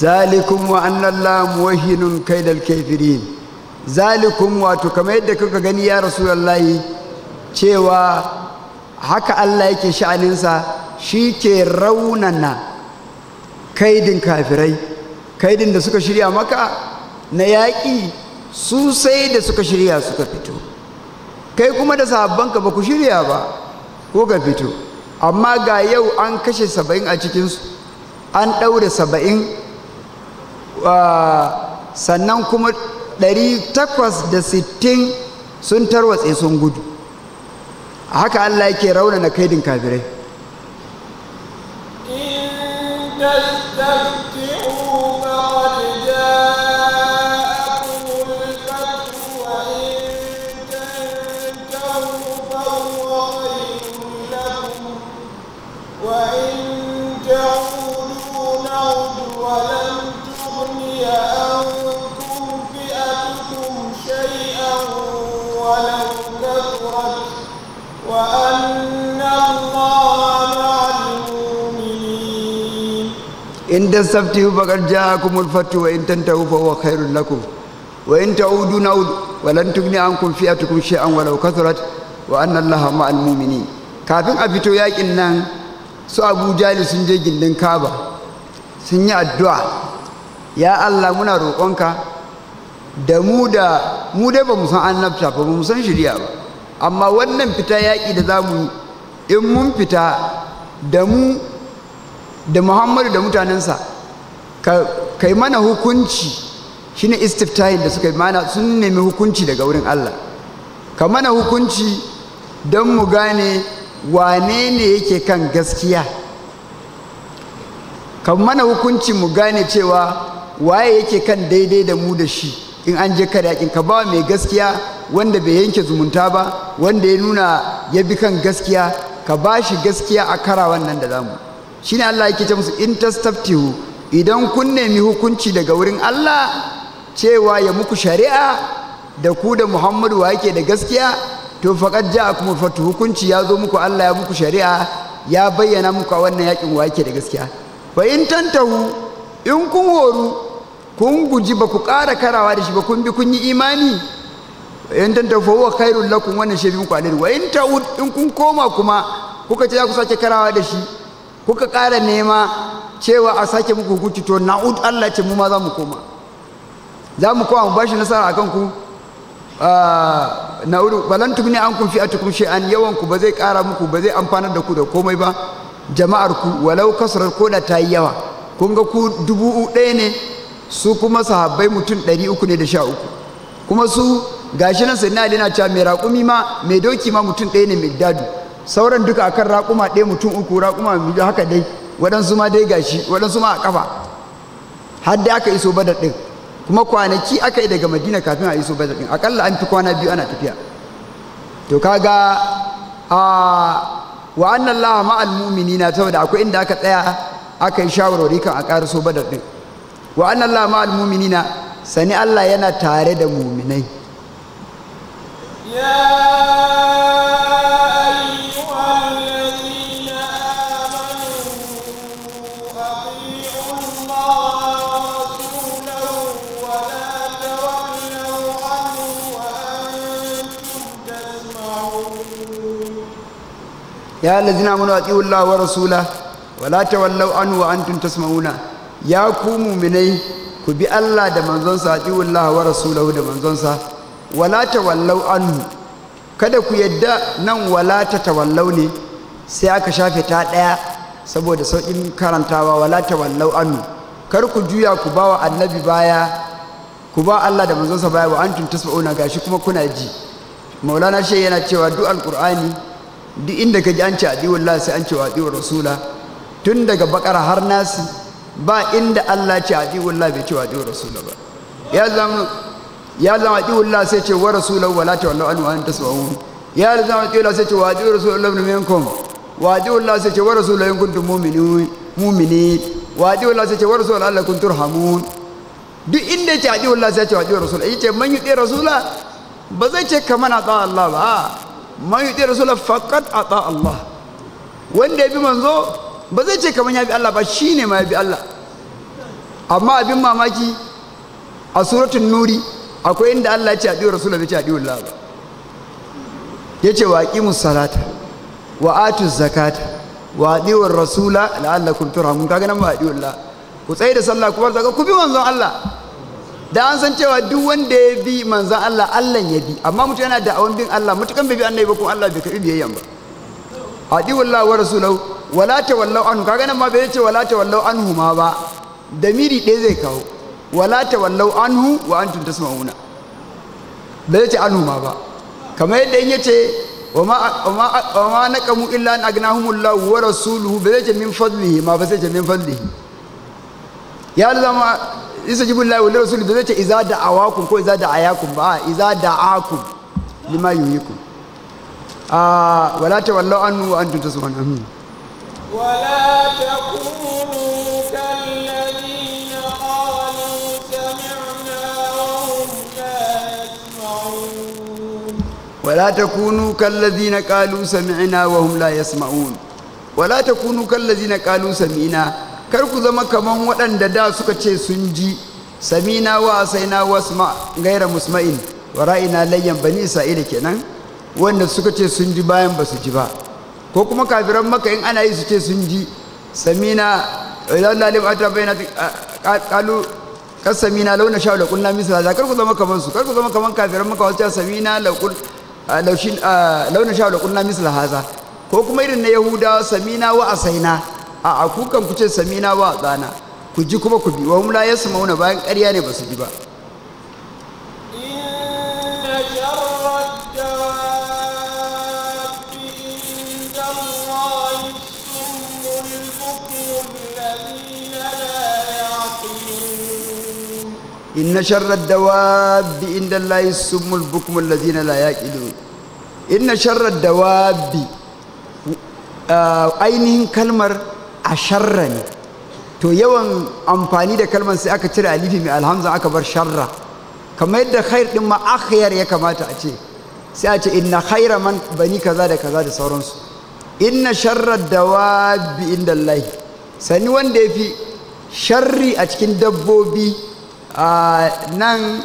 zalikum wa anna muwahhinun kaidal kafirin zalikum wato kamar yadda kuka gani ya rasulullahi cewa haka Allah yake sha'aninsa shi ke raunana kaidin kafirai kaidin da suka shirya maka na yaƙi su sai da suka shirya suka fito kai kuma da sahabbanka ba ku shirya ba ko ka fito amma ga yau an kashe saba'in a cikinsu an ɗaure saba'in Ah, sannan kuma 860 sun tarwatse sun gudu haka Allah yake na kaidin kafirai in dan safti hu bagar ja'akum al-fatu in tantahu fa huwa khairun lakum wa in ta'udu na'ud wa lan tughni ankum fi'atukum shay'an wa law kathurat wa anna allaha ma'al kafin a fito yakin nan su Abuja jali sun je gindin kaba sun yi addu'a ya allah muna roƙonka da mu dai ba mu san annabta ba mu san shari'a ba amma wannan fita yaƙi da za mu yi in mun fita da mu da muhammadu da mutanensa ka yi mana hukunci shi ne istiftahin da suka yi mana sun nemi hukunci daga wurin allah ka mana hukunci don mu gane wane ne yake kan gaskiya ka mana hukunci mu gane cewa waye yake kan daidai da mu da shi in an je kada yakin ka ba mai gaskiya wanda bai yanke zumunta ba wanda ya nuna ya bi kan gaskiya ka ba shi gaskiya a kara wannan da zamu ne Allah yake ce musu in tastaftihu idan kun nemi hukunci daga wurin Allah cewa ya muku shari'a da ku da Muhammadu wa yake da gaskiya to faqad ja'akum fatu hukunci ya zo muku Allah ya muku shari'a ya bayyana muku wannan yakin wa yake da gaskiya fa in tantahu in kun horu kun guji ba ku ƙara karawa da shi ba kun bi kun yi imani in fowa khairul lakun wannan shi muku alheri wa in ta in kun koma kuma kuka ce za ku sake karawa da shi kuka ƙara nema cewa a sake muku hukunci to na'ud Allah ce mu ma za mu koma za mu koma mu bashi nasara akan ku ah, na'udu balan tugni an kun fi'atukum shay'an yawan ku ba zai ƙara muku ba zai amfanar da ku da komai ba jama'ar ku walau kasrar ko da ta yi yawa kun ga ku dubu ɗaya ne su kuma sahabbai mutum ɗari uku ne da sha uku kuma su gashi nan sayyidina ali cewa mai raƙumi ma mai doki ma mutum ɗaya ne dadu sauran duka akan raƙuma ɗaya mutum uku raƙuma biyu haka dai waɗansu ma dai gashi waɗansu ma a ƙafa har da aka iso badar ɗin kuma kwanaki aka yi daga madina kafin a iso badar ɗin aƙalla an fi kwana biyu ana tafiya to kaga a wa annan laha ma'al mu'minina saboda akwai inda aka tsaya aka yi shawarwari kan a ƙaraso badar ɗin wa annan laha ma'al mu'minina sani allah yana tare da muminai Yayi farar cewa yana da mutuwa, yana da mutuwa na saka yana wa antun tasmahuna. Ya kuma minai ku bi Allah da manzonsa a aƙiwullu hawa rasuluhu da manzonsa. wala wallau annu kada ku yadda nan wala ta tawallau ne sai aka shafe ta ɗaya saboda sauƙin karantawa wala wallau annu kar ku juya ku ba wa annabi baya ku ba Allah da manzonsa baya wa antum tasma'una gashi kuma kuna ji maulana shi yana cewa duk alqur'ani duk inda ka ji an ce adiwullah sai an ce wa adiwur rasula tun daga bakara har nasi ba inda Allah ce adiwullah bai ce wa adiwur rasula ba ya zama ya zama Allah sai ce wa rasu rasulahu wala tawallu anhu an tasawun ya zama Allah sai ce wa rasu tiwulla rasulahu minkum wa Allah sai ce wa rasulahu in kuntum mu'minun mu'minin wa Allah sai ce wa rasu Allah allakum turhamun duk inda ce adi Allah sai ce wa adi rasul ai ce man yi yuti rasula ba zai ce ka mana ta Allah ba man yi ɗaya rasu yuti rasula a ata Allah wanda ya bi manzo ba zai ce kaman ya bi Allah ba shine ma ya bi Allah amma abin mamaki a suratul nuri akwai inda Allah ya ce adiyu rasul bai ce adiwar Allah Ya ce wa musalata wa a'tus zakata wa adiyu rasula la'allakum mun kaga nan ba adiwar Allah ku tsaye da sallah ku bar zaka, ku bi manzon Allah da an san cewa duk wanda ya bi manzon Allah Allah ya bi amma mutum yana da awon bin Allah mutukan bai bi annabi ba kuma Allah bai karbi yayyan ba adiyu Allah wa rasulahu wala wallau anhu kaga nan ma bai ce wala wallau anhu ma ba damiri ɗaya zai kawo wala tawallau anhu wa antum tasma'una bai ce anhu ma ba kamar yadda in yace wa ma naqamu illa an agnahumullahu wa rasuluhu bai ce min fadlihi ma ba sai ce min fadlihi ya zama isa jibullahi wa rasuluhu bai ce iza da'awakum ko iza da'ayakum ba iza da'akum lima yuyikum ah wala wallau anhu wa antum tasma'una hmm. wala takunu ولا تكونوا كالذين قالوا سمعنا وهم لا يسمعون ولا تكونوا كالذين قالوا سمعنا كركو زما كمان ودان دا suka ce sun ji samina wa asaina wasma gaira musma'in wa ra'ina layyan bani isra'ila kenan wanda suka ce sun ji bayan basu ji ba ko kuma kafiran maka in ana yi su ce sun ji samina idan lalim ata bayna Kalu kasamina launa sha'u la kunna misla za kar ku zama kaman su kar ku zama kaman kafiran maka wasu ce samina la kunna launin sha da kunna misal haza ko kuma irin na yahudawa samina wa asaina a kukan ku ce samina wa tsana ku ji kuma ku bi wa mula ya mauna bayan ƙarya ne ba su ji ba إن شر الدواب عند الله السم البكم الذين لا يعقلون إن شر الدواب ainihin kalmar a sharra ne to yawan amfani da kalmar sai aka cire alifi mai alhamza aka bar sharra kamar yadda khair din ma akhyar ya kamata a ce sai a ce inna khaira man bani kaza da kaza da sauransu inna sharra dawabi indallahi sani wanda ya fi sharri a cikin dabbobi nan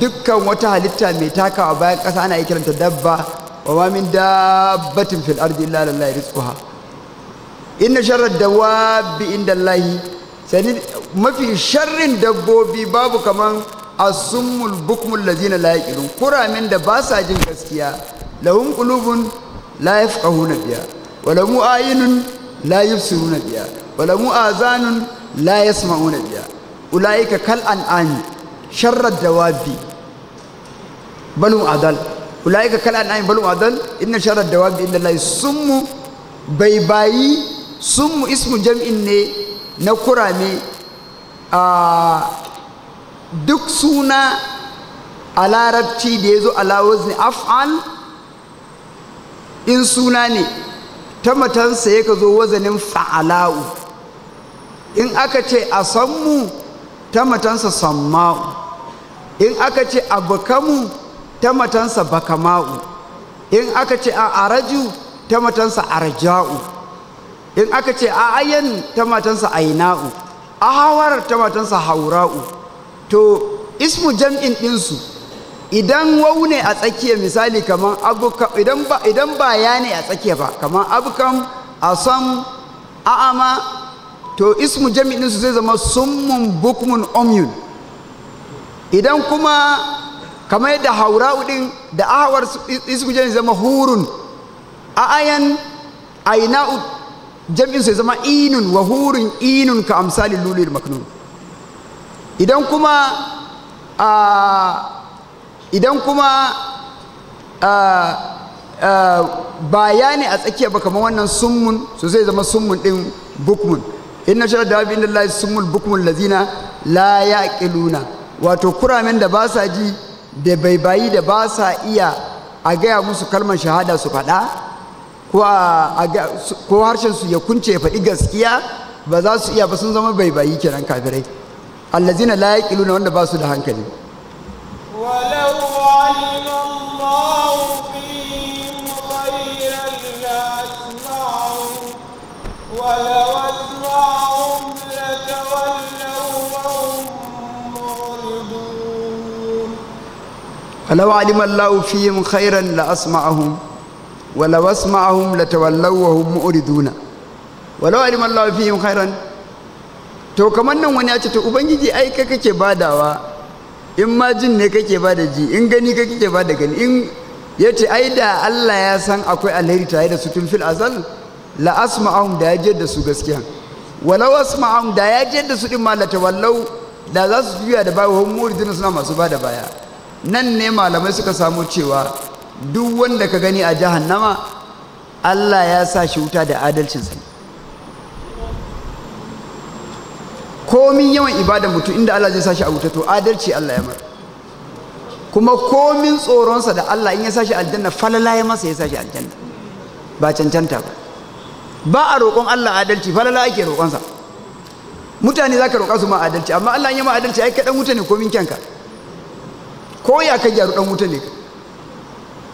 dukkan wata halitta mai takawa bayan ƙasa ana kiranta dabba wa ma min dabbatin fil ardi illa lillahi rizquha inna sharra dawabi inda Allahi sani mafi sharrin dabbobi babu kaman asumul bukmul lazina la yaqilun kuramin da ba sa jin gaskiya lahum qulubun la yafqahuna biya wa lahum ayunun la yubsiruna biya wa lahum azanun la yasma'una biya ulaika kal an'ami sharrad dawabi balum adal ulaika kal an'ami balum adal inna sharrad dawabi inda Allah summu baibayi summu ismu jam'in ne na kurame a duk suna a larabci da ya zo ala wazni af'al in suna ne ta matansa ya ka zo wazanin fa'ala'u in aka ce a san mu ta matansa samma'u in aka ce abukamu ta matansa bakama'u in aka ce a araju ta matansa arja'u in aka ce a ayyan ta matansa aina'u a hawar ta matansa haura'u to ismu jam'in ɗinsu idan wau ne a tsakiya misali kamar abukam idan ba ya ne a tsakiya ba kamar abukam asam a'ama to ismu jami'in su zai zama summun bukmun omyun idan kuma kamar yadda haura'u din da ahawar ismu jami'in zama hurun a ayan aina jami'in su zama inun wa hurun inun ka amsalin lulul maknun idan kuma a idan kuma bayani a tsakiya ba kamar wannan summun su zai zama summun din bukmun inna shirar da abin lillahi sumul bukmul lazina la luna wato kuramen da ba sa ji da baibayi da ba sa iya a gaya musu kalmar shahada su faɗa ko harshen su ya kunce ya faɗi gaskiya ba za su iya ba sun zama baibayi kenan kafirai allazina la luna wanda ba su da hankali ولو علم الله فيهم خيرا لأسمعهم ولو أسمعهم لتولوا وهم مؤردون ولو علم الله فيهم خيرا to kamar nan wani ya ce to ubangiji ai ka kake badawa in ma jin ne kake bada ji in gani ka kake bada gani in ya ai da Allah ya san akwai alheri tare da su tun fil azal la asma'ahum da ya da su gaskiya wasu ma'am da ya je da su ɗin malata wallau da za su juya da baya wani muridin suna masu ba da baya nan ne malamai suka samu cewa duk wanda ka gani a jahannama Allah ya sa shi wuta da adalcinsa komin yawan ibada mutum inda Allah zai sa shi a wuta to adalci Allah ya mara kuma komin tsoronsa da Allah in ya sa shi aljanna falala ya masa ya sa shi aljanna ba cancanta ba ba a roƙon Allah adalci falala ake roƙonsa mutane za ka roƙa su ma adalci amma Allah ya ma adalci ai kaɗan wuta ne komin kyanka ko ya ka gyaru ɗan wuta ne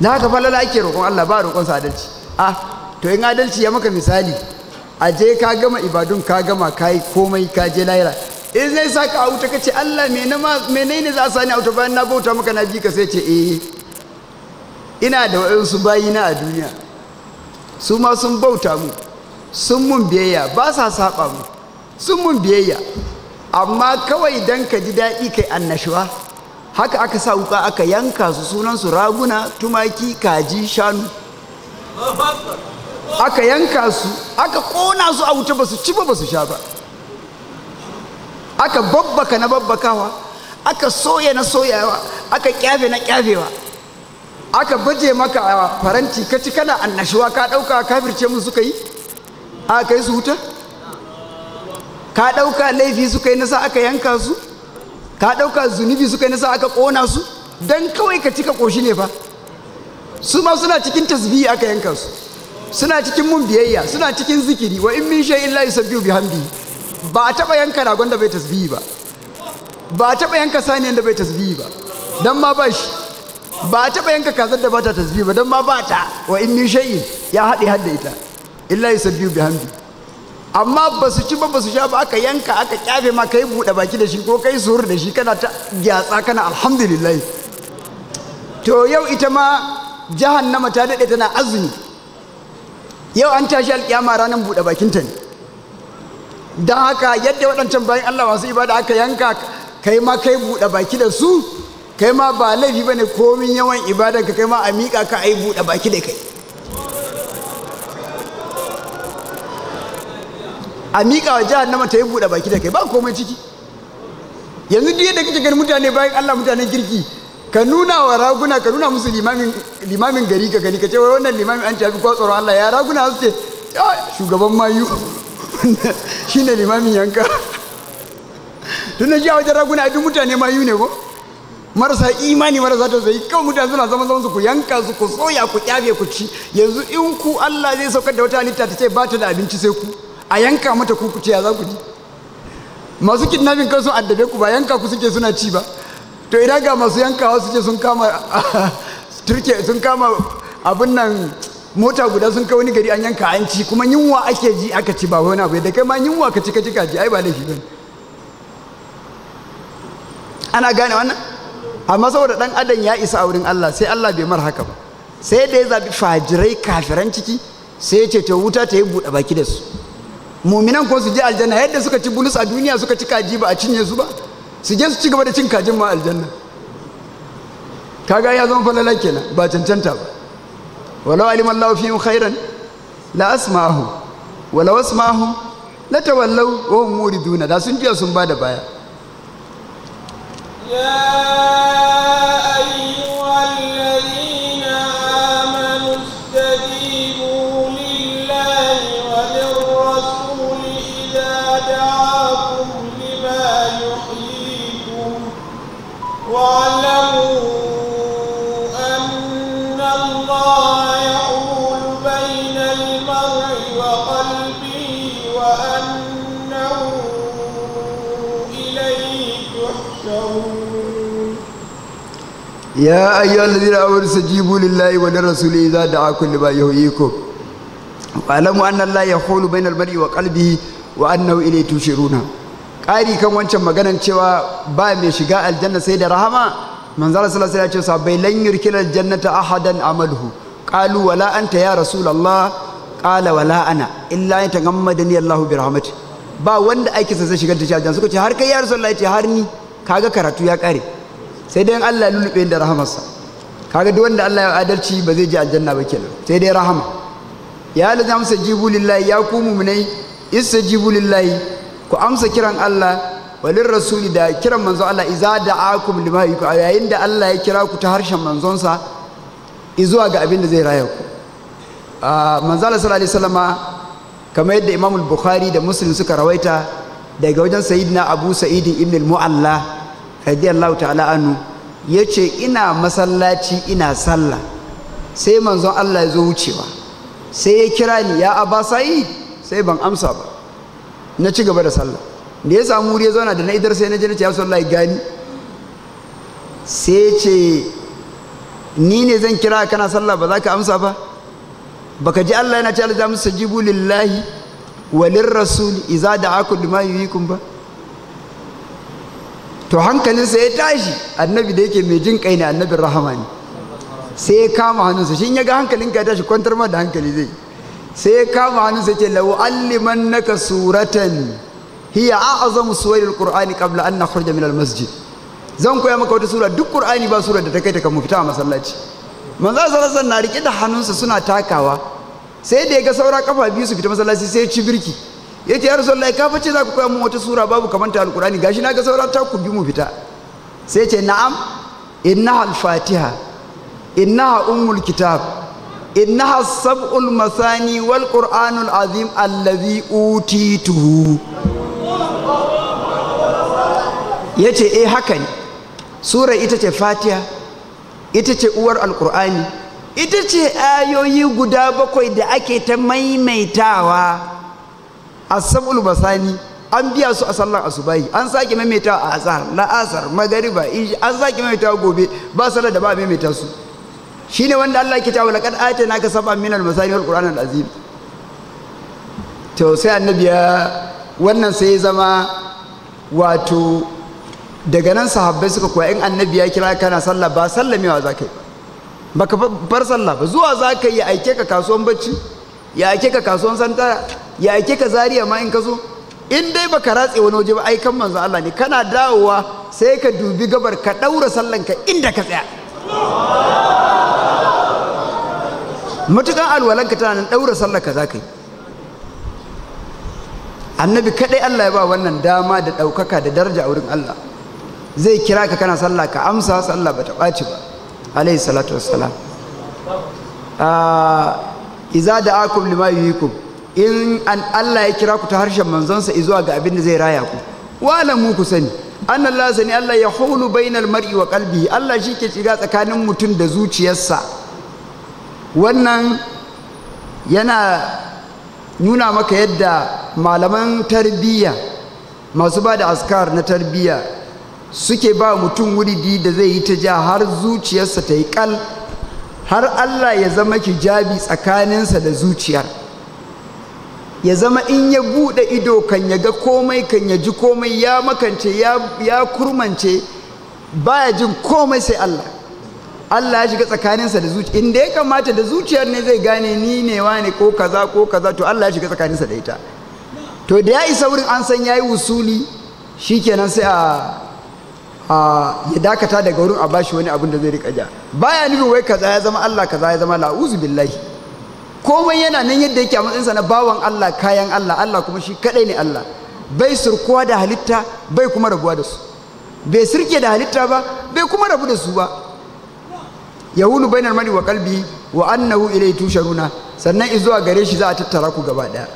da haka falala ake roƙon Allah ba a roƙonsa adalci a to in adalci ya maka misali a je ka gama ibadun ka gama ka yi komai ka je lahira in zai sa ka a wuta ka ce Allah ne za a sani a wuta bayan na bauta maka na bi ka sai ce eh ina da waɗansu bayina a duniya su ma sun bauta mu sun mun biyayya ba sa saba mu sun mun biyayya amma kawai dan ka ji daɗi kai annashuwa haka aka sa wuka aka yanka su sunan su raguna tumaki kaji shanu aka yanka su aka kona su a wuta ba su ci ba ba su sha ba aka babbaka na babbakawa aka soya na soyawa aka kyafe na kyafewa aka baje maka a faranti ka ci kana annashuwa ka ɗauka kafirce mu suka yi a kai su wuta ka ɗauka laifi suka yi nasa aka yanka su ka ɗauka zunubi suka yi nasa aka ƙona su don kawai ka cika ƙoshi ne fa su ma suna cikin tasbihi aka yanka su suna cikin mun biyayya suna cikin zikiri wa in min shay'in la yusabbihu bihamdi ba a taɓa yanka ragon da bai tasbihi ba ba a taɓa yanka saniyan da bai tasbihi ba dan ma ba shi ba a taɓa yanka kazar da ba ta tasbihi ba dan ma ba ta wa in min shay'in ya haɗe hadda ita illa bi bihamdi amma ba su ci ba ba su sha ba aka yanka aka kyafe ma kai buɗe baki da shi ko kai su da shi kana ta gyatsa kana alhamdulillah to yau ita ma jahannama ta dade tana azumi yau an tashi alƙiyama ranar buɗe bakin ta ne don haka yadda waɗancan bayan Allah masu ibada aka yanka kai ma kai buɗe baki da su kai ma ba laifi ba ne komin yawan ibadar ka kai ma a miƙa ka a yi buɗe baki da kai a miƙa wa nama ta yi buɗe baki da kai ba komai ciki yanzu duk yadda kake gani mutane bayan Allah mutanen kirki ka nuna wa raguna ka nuna musu limamin gari ka gani ka ce wannan limamin an tafi kwa tsoron Allah ya raguna su ce shugaban mayu <laughs> shine limamin yanka <laughs> tun da jiya wajen raguna duk mutane mayu ne ko marasa imani marasa ta zai kawai mutane suna zama zama su ku yanka su ku soya ku kyafe ku ci yanzu in ku Allah zai saukar da wata halitta ta ce ba ta da abinci sai ku a yanka mata ku kuce ya za ku ji masu kidnapping kansu addabe ku ba yanka ku suke suna ci ba to idan ga masu yankawa suke sun kama <laughs> turke sun kama abin nan mota guda sun kai wani gari an yanka an ci kuma yunwa ake ji aka ci ba wani abu da kai ma yunwa ka ci ka ci ka ji ai ba laifi ba ana gane wannan amma saboda dan adam ya isa a wurin Allah sai Allah bai mar haka ba sai da ya zabi fajirai kafiran ciki sai ya ce ta wuta ta yi buɗe baki da su muminan ko su je aljanna yadda suka ci bulus a duniya suka ci kaji ba a cinye su ba su je su ci gaba da cin kajin ma aljanna kaga ya zama falala kenan ba cancanta ba walau alim Allahu fihim khairan la asma'ahu walau asma'ahu la tawallaw wa hum muriduna da sun jiya sun bada baya يا أيها الذين آمنوا استجيبوا لله وللرسول إذا دعاكم لما يحييكم واعلموا أن الله يحول بين المرء وقلبه وأنه إليه runa. Kari kan wancan maganar cewa ba mai shiga aljanna sai da rahama manzara sallallahu alaihi wasallam ya ce sabai lan yurkil ahadan amalhu qalu wala anta ya rasulullah qala wala ana illa yatangammadani allah bi rahmati ba wanda aikinsa zai shiga ta aljanna suka ce har kai ya rasulullah ya ce har ni Ka ga karatu ya ƙare sai dai Allah ya lulube da rahamarsa kaga duk wanda Allah ya adalci ba zai je aljanna ba kenan sai dai rahama ya la amsa jibu lillahi ya ku mu'minai istajibu lillahi ku amsa kiran Allah walir rasuli da kiran manzon Allah iza da'akum lima yuku yayin da Allah ya kira ku ta harshen manzonsa izuwa ga abin da zai raya ku manzo Allah sallallahu alaihi wasallama kamar yadda Imam Bukhari da Muslim suka rawaita daga wajen Sayyidina Abu Sa'id ibn al-Mu'alla radiyallahu ta'ala anhu yace ina masallaci ina sallah sai manzon Allah ya zo wucewa sai ya kira ni ya Aba Sa'id sai ban amsa ba na ci gaba da sallah da ya samu wuri ya zauna da na idar sai na je na ce ya gani sai ce ni ne zan kira kana sallah ba za ka amsa ba baka ji Allah yana ce aljamu sajibu lillahi walin rasul iza da'akum lima yuhikum ba to hankalinsa ya tashi annabi da yake mai jin kai ne annabin rahama ne sai ya kama hannunsa shi ya ga hankalin ka ya tashi kwantar ma da hankali zai sai ya kama hannunsa ce lau alliman naka suratan hiya a'azam suwairul qur'ani qabla an nakhruja min masjid zan koya maka wata sura duk qur'ani ba sura da ta kai ta kan fita a masallaci manzo sallallahu alaihi na rike da hannun sa suna takawa sai da ya ga saura kafa biyu su fita masallaci sai ya ci birki ya ce ya rasulullahi ka za ku koya mu wata sura babu kamanta alqurani gashi na ga saura ta ku bi mu fita sai ce na'am inna al-fatiha inna ummul kitab as sab'ul masani wal qur'anul azim allazi utituhu yace eh haka ne sura ita ce fatiha ita ce uwar alkur'ani ita ce ayoyi guda bakwai da ake ta maimaitawa as basani masani an biya su a sallar asubahi an sake maimaita a azhar la'asar magariba an sake maimaita gobe ba sallar da ba maimaita su shine wanda Allah ke cewa laqad ka sab'an min al-masani wal qur'an al-azim to sai annabi ya wannan sai ya zama wato daga nan sahabbai suka koya in annabi ya kira kana sallah ba sallamewa za ka yi baka bar sallah ba zuwa za ya aike ka kasuwan bacci ya aike ka kasuwan santa. ya aike ka zariya ma in ka zo in dai ba ka ratse wani waje ba aikan manzo Allah ne kana dawowa sai ka dubi gabar ka daura sallan ka inda ka tsaya alwalan alwalanka tana nan daura sallarka za ka yi annabi kadai Allah ya ba wannan dama da daukaka da daraja a wurin Allah zai kira ka kana sallah ka amsa sallah bata ɓaci ba alayhi salatu wassalam ah, iza da akum lima yuhikum in an Allah ya kira ku ta harshen manzonsa zuwa ga abin da zai raya ku mu ku sani anna Allah sani Allah ya hulu bainal mar'i wa kalbi. Allah shi ke shiga tsakanin mutum da zuciyarsa wannan yana nuna maka yadda malaman tarbiyya masu ba da askar na tarbiyya suke ba mutum wuri da zai yi ta ja har zuciyarsa ta yi kal har Allah ya zama hijabi tsakaninsa da zuciyar ya zama in ya buɗe ido kan ya ga komai kan ya ji komai ya makance ya kurmance baya jin komai sai Allah Allah ya shiga tsakaninsa da zuciya inda ya kamata da zuciyar ne zai gane ni ne ne ko kaza ko kaza to Allah ya shiga tsakaninsa da ita to da ya isa wurin an san yayi wusuli kenan sai a ya dakata daga wurin a bashi wani abin da zai rika ja baya nufin wai kaza ya zama Allah kaza ya zama la'uzu billahi komai yana nan yadda yake a matsayinsa na bawan Allah kayan Allah Allah kuma shi kadai ne Allah bai surkuwa da halitta bai kuma rabuwa da su bai sirke da halitta ba bai kuma rabu da su ba yahulu bainar mari wa kalbi wa annahu ilai tusharuna sannan izuwa gare shi za a tattara ku gaba daya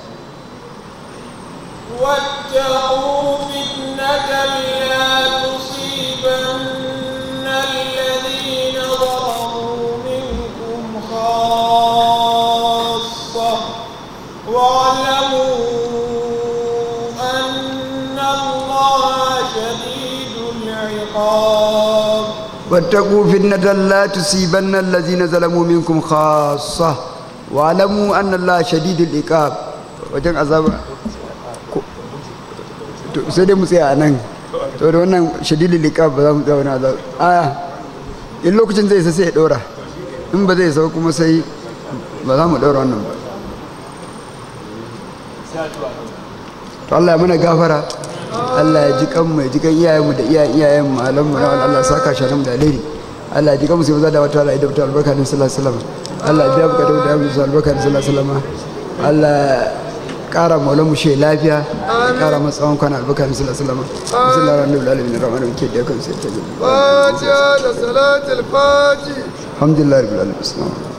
حقا واتقوا فتنة لا تصيبن الذين ظلموا منكم خاصة واعلموا أن الله شديد العقاب wajen azaba sai dai mu tsaya a nan to da wannan shadidul liqab ba za mu tsaya wani azaba in lokacin zai sai ya dora in ba mana gafara Allah ya ji kanmu ya ji kan iyayenmu da iyayen iyayen mu na Allah saka shi da alheri Allah ya ji kanmu sai maza da wata Allah da wata albarka da sallallahu alaihi wasallam Allah ya biya bukatun da mu albarka da sallallahu alaihi wasallam Allah kara maulan mu shi lafiya kara masa tsawon kwana albarka da sallallahu alaihi wasallam bismillahir rahmanir rahim rahmanir rahim ke da kan sai ta ji fatiha da salatul fati alhamdulillah rabbil alamin